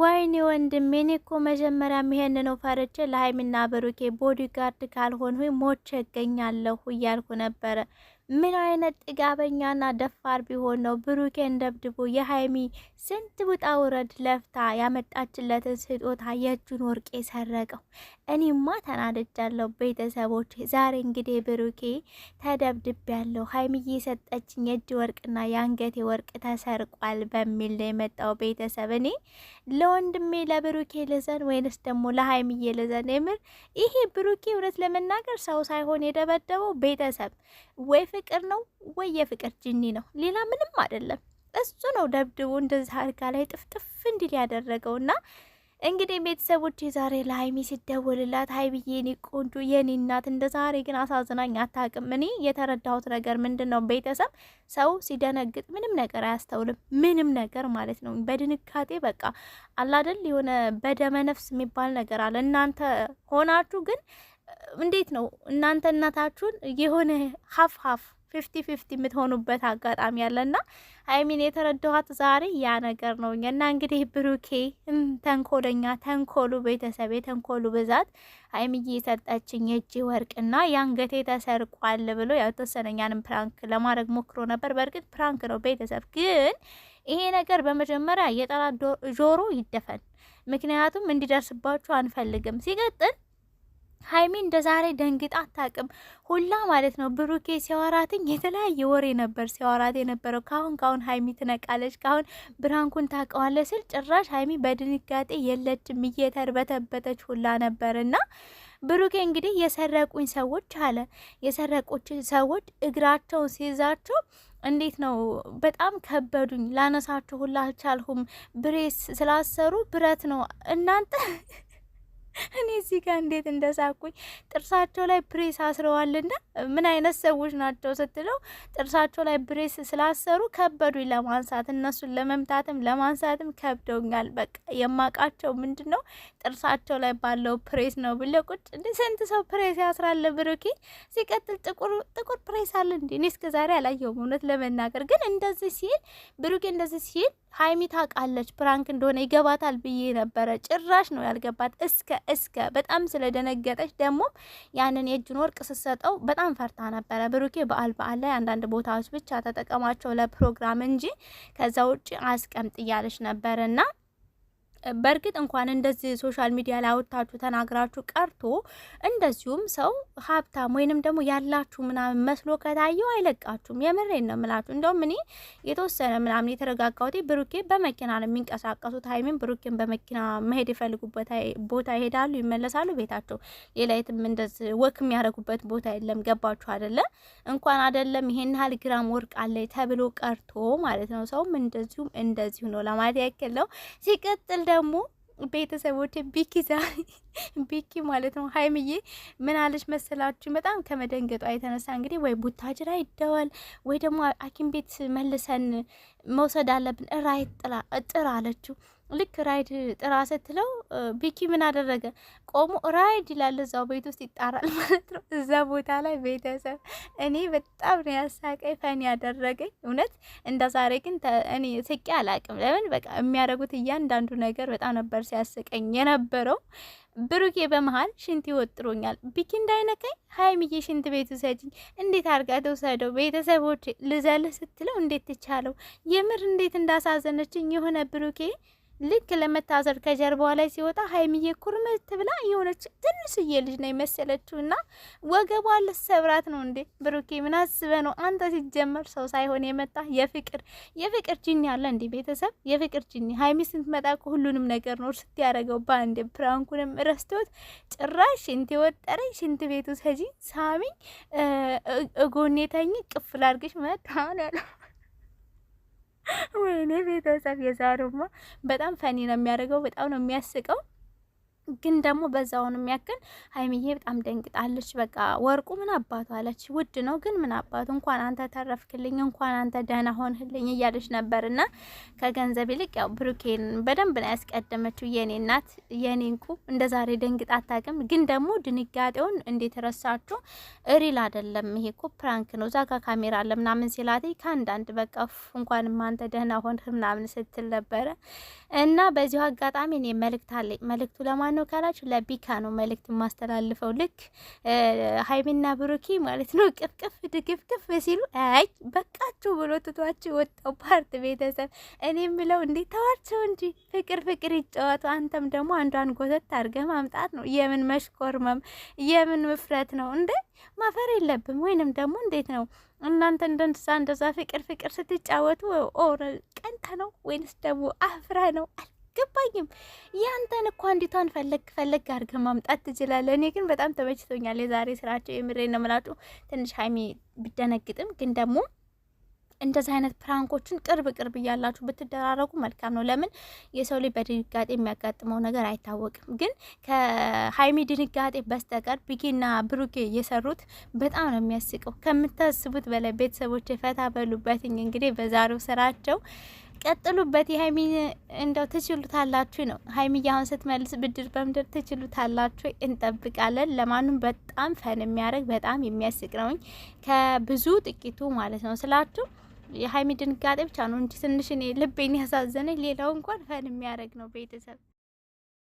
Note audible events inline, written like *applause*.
ወይኔ ወንድሜ እኔ እኮ መጀመሪያ ይሄን ነው ፈርቼ ለሀይሚና ብሩኬ ቦዲጋርድ ካልሆንሁ ሞቼ እገኛለሁ እያልኩ ነበረ። ምን አይነት ጥጋበኛና ደፋር ቢሆን ነው ብሩኬን ደብድቦ የሀይሚ ስንት ውጣ ውረድ ለፍታ ያመጣችለትን ስጦታ የእጁን ወርቅ የሰረቀው? እኔማ ተናደጃለሁ ቤተሰቦች። ዛሬ እንግዲህ ብሩኬ ያለው ሀይሚ የሰጠችኝ የእጅ ወርቅና የአንገቴ ወርቅ ተሰርቋል በሚል ነው የመጣው ቤተሰብ። እኔ ለወንድሜ ለብሩኬ ልዘን ወይንስ ደግሞ ለሀይሚዬ ልዘን? የምር ይሄ ብሩኬ እውነት ለመናገር ሰው ሳይሆን የደበደበው ቤተሰብ ወይ ፍቅር ነው ወይ የፍቅር ጅኒ ነው? ሌላ ምንም አይደለም። እሱ ነው ደብድቦ እንደዚህ አልጋ ላይ ጥፍጥፍ እንዲል እና እንግዲህ ቤተሰቦች የዛሬ ለሀይሚ ሲደወልላት ሀይ ብዬ ቆንጆ የኔ እናት እንደ ዛሬ ግን አሳዝናኝ አታውቅም። እኔ የተረዳሁት ነገር ምንድን ነው ቤተሰብ ሰው ሲደነግጥ ምንም ነገር አያስተውልም። ምንም ነገር ማለት ነው በድንጋጤ በቃ አላደል የሆነ በደመ ነፍስ የሚባል ነገር አለ። እናንተ ሆናችሁ ግን እንዴት ነው እናንተ እናታችሁን የሆነ ሀፍ ሀፍ ፊፍቲ ፊፍቲ የምትሆኑበት አጋጣሚ ያለና አይሚን የተረዳኋት ዛሬ ያ ነገር ነው። እና እንግዲህ ብሩኬ ተንኮለኛ፣ ተንኮሉ ቤተሰብ የተንኮሉ ብዛት አይሚዬ የሰጠችኝ የእጅ ወርቅና የአንገቴ ተሰርቋል ብሎ ያው የተወሰነኛንም ፕራንክ ለማድረግ ሞክሮ ነበር። በእርግጥ ፕራንክ ነው ቤተሰብ። ግን ይሄ ነገር በመጀመሪያ የጠላት ጆሮ ይደፈን፣ ምክንያቱም እንዲደርስባችሁ አንፈልግም። ሲቀጥል ሀይሚ እንደ ዛሬ ደንግጣ አታውቅም። ሁላ ማለት ነው ብሩኬ ሲያወራትኝ የተለያየ ወሬ ነበር ሲያወራት የነበረው። ካሁን ካሁን ሀይሚ ትነቃለች፣ ካሁን ብራንኩን ታውቀዋለ ስል ጭራሽ ሀይሚ በድንጋጤ የለችም እየተርበተበተች ሁላ ነበር እና ብሩኬ እንግዲህ የሰረቁኝ ሰዎች አለ የሰረቁች ሰዎች እግራቸውን ሲይዛቸው እንዴት ነው በጣም ከበዱኝ፣ ላነሳችሁ ሁላ አልቻልሁም። ብሬስ ስላሰሩ ብረት ነው እናንተ እኔ እዚህ ጋር እንዴት እንደሳኩኝ ጥርሳቸው ላይ ፕሬስ አስረዋልና ምን አይነት ሰዎች ናቸው ስትለው ጥርሳቸው ላይ ፕሬስ ስላሰሩ ከበዱኝ ለማንሳት እነሱን ለመምታትም ለማንሳትም ከብደውኛል። በቃ የማቃቸው ምንድን ነው ጥርሳቸው ላይ ባለው ፕሬስ ነው ብለ ቁጭ እንዲ ስንት ሰው ፕሬስ ያስራለ ብሩኪ። ሲቀጥል ጥቁር ጥቁር ፕሬስ አለ እንዲ እኔ እስከ ዛሬ አላየውም እውነት ለመናገር ግን እንደዚህ ሲል ብሩኪ እንደዚህ ሲል ሀይሚ ታውቃለች ፕራንክ እንደሆነ ይገባታል ብዬ ነበረ። ጭራሽ ነው ያልገባት እስከ እስከ በጣም ስለደነገጠች ደግሞ ያንን የእጅን ወርቅ ስትሰጠው በጣም ፈርታ ነበረ። ብሩኬ በዓል በዓል ላይ አንዳንድ ቦታዎች ብቻ ተጠቀማቸው ለፕሮግራም እንጂ ከዛ ውጭ አስቀምጥ እያለች ነበርና በእርግጥ እንኳን እንደዚህ ሶሻል ሚዲያ ላይ አወጣችሁ ተናግራችሁ ቀርቶ እንደዚሁም ሰው ሀብታም ወይንም ደግሞ ያላችሁ ምናምን መስሎ ከታየው አይለቃችሁም። የምሬን ነው ምላችሁ። እንደውም እኔ የተወሰነ ምናምን የተረጋጋሁት ብሩኬ በመኪና ነው የሚንቀሳቀሱት። ሀይሚን ብሩኬን በመኪና መሄድ የፈልጉበት ቦታ ይሄዳሉ፣ ይመለሳሉ ቤታቸው። ሌላ የትም እንደዚህ ወክ የሚያደርጉበት ቦታ የለም። ገባችሁ አይደለ? እንኳን አይደለም ይሄን ያህል ግራም ወርቅ አለ ተብሎ ቀርቶ ማለት ነው። ሰውም እንደዚሁም እንደዚሁ ነው ለማለት ያክል ነው። ሲቀጥል ደግሞ ቤተሰቦች ቢኪዛ *laughs* ቢኪ ማለት ነው። ሀይምዬ ምን አለች መሰላችሁ? በጣም ከመደንገጧ የተነሳ እንግዲህ ወይ ቡታጅራ ይደዋል ወይ ደግሞ ሐኪም ቤት መልሰን መውሰድ አለብን እራይ ጥራ አለችው። ልክ ራይድ ጥራ ስትለው ቢኪ ምን አደረገ? ቆሞ ራይድ ይላል። እዛው ቤት ውስጥ ይጣራል ማለት ነው። እዛ ቦታ ላይ ቤተሰብ እኔ በጣም ነው ያሳቀኝ፣ ፈን ያደረገኝ እውነት። እንደ ዛሬ ግን እኔ ስቄ አላቅም። ለምን በቃ የሚያደርጉት እያንዳንዱ ነገር በጣም ነበር ሲያስቀኝ የነበረው። ብሩኬ በመሀል ሽንት ይወጥሮኛል። ቢኪ እንዳይነካኝ ሀይሚዬ ሽንት ቤት ውሰጂኝ፣ እንዴት አርጋ ተውሰደው ቤተሰቦች ልዘልህ ስትለው እንዴት ትቻለው? የምር እንዴት እንዳሳዘነችኝ የሆነ ብሩኬ ልክ ለመታዘብ ከጀርባዋ ላይ ሲወጣ ሀይሚዬ ኩርምት ብላ የሆነች ትንሽዬ ልጅ ነው የመሰለችው እና ወገቧ ልሰብራት ነው እንዴ! ብሩኬ ምን አስበ ነው አንተ? ሲጀመር ሰው ሳይሆን የመጣ የፍቅር የፍቅር ጅኒ አለ እንዴ ቤተሰብ? የፍቅር ጅኒ። ሀይሚ ስንትመጣ እኮ ሁሉንም ነገር ነው ያደረገው በአንድ ፕራንኩንም ረስቶት ጭራሽ ሽንት ወጠረኝ፣ ሽንት ቤቱ ሰጂ ሳሚኝ፣ እጎኔ ተኝ፣ ቅፍል አድርገሽ መታ ነው ያለው ወይኔ ቤተሰብ የዛሬማ በጣም ፈኒ ነው የሚያደርገው። በጣም ነው የሚያስቀው። ግን ደግሞ በዛውን የሚያክል ሀይሚዬ በጣም ደንግጣለች። በቃ ወርቁ ምን አባቱ አለች፣ ውድ ነው ግን ምን አባቱ እንኳን አንተ ተረፍክልኝ፣ እንኳን አንተ ደህና ሆንህልኝ እያለች ነበር። ነበርና ከገንዘብ ይልቅ ያው ብሩኬን በደንብ ነው ያስቀደመችው። የኔ እናት የኔ እንቁ እንደ ዛሬ ደንግጣ አታውቅም። ግን ደግሞ ድንጋጤውን እንዴት ረሳችሁ? እሪል አይደለም ይሄ እኮ ፕራንክ ነው። እዛ ጋ ካሜራ አለ ምናምን ሲላት ከአንዳንድ በቃ እንኳን አንተ ደህና ሆንህ ምናምን ስትል ነበረ እና በዚሁ አጋጣሚ እኔ መልእክት አለኝ መልእክቱ ለማን ነው ካላችሁ ለቢካ ነው መልእክት የማስተላልፈው። ልክ ሀይሚና ብሩኪ ማለት ነው ቅፍቅፍ ድግፍቅፍ ሲሉ አይ በቃችሁ ብሎ ትቷችሁ ወጣው ፓርት ቤተሰብ። እኔ የምለው እንዴ ተዋቸው እንጂ ፍቅር ፍቅር ይጫወቱ። አንተም ደግሞ አንዷን ጎተት አርገ ማምጣት ነው። የምን መሽኮርመም የምን ምፍረት ነው እንዴ? ማፈር የለብም ወይንም ደግሞ እንዴት ነው እናንተ እንደንሳ እንደዛ ፍቅር ፍቅር ስትጫወቱ ኦረ ቀንተ ነው ወይንስ ደግሞ አፍረ ነው? አይገባኝም። ያንተን እኮ አንዲቷን ፈለግ ፈለግ አድርገህ ማምጣት ትችላለህ። እኔ ግን በጣም ተመችቶኛል የዛሬ ስራቸው። የምሬ ነው የምላችሁ። ትንሽ ሀይሚ ብደነግጥም ግን ደግሞ እንደዚህ አይነት ፕራንኮችን ቅርብ ቅርብ እያላችሁ ብትደራረጉ መልካም ነው። ለምን የሰው ልጅ በድንጋጤ የሚያጋጥመው ነገር አይታወቅም። ግን ከሀይሚ ድንጋጤ በስተቀር ቢጌና ብሩኬ የሰሩት በጣም ነው የሚያስቀው ከምታስቡት በላይ ቤተሰቦች የፈታ በሉበትኝ። እንግዲህ በዛሬው ስራቸው ቀጥሉበት። የሀይሚ እንደው ትችሉታላችሁ ነው። ሀይሚ አሁን ስትመልስ ብድር በምድር ትችሉታላችሁ፣ እንጠብቃለን። ለማንም በጣም ፈን የሚያደርግ በጣም የሚያስቅ ነውኝ ከብዙ ጥቂቱ ማለት ነው ስላችሁ የሀይሚ ድንጋጤ ብቻ ነው እንጂ ትንሽ እኔ ልቤን ያሳዘነኝ፣ ሌላው እንኳን ፈን የሚያደርግ ነው ቤተሰብ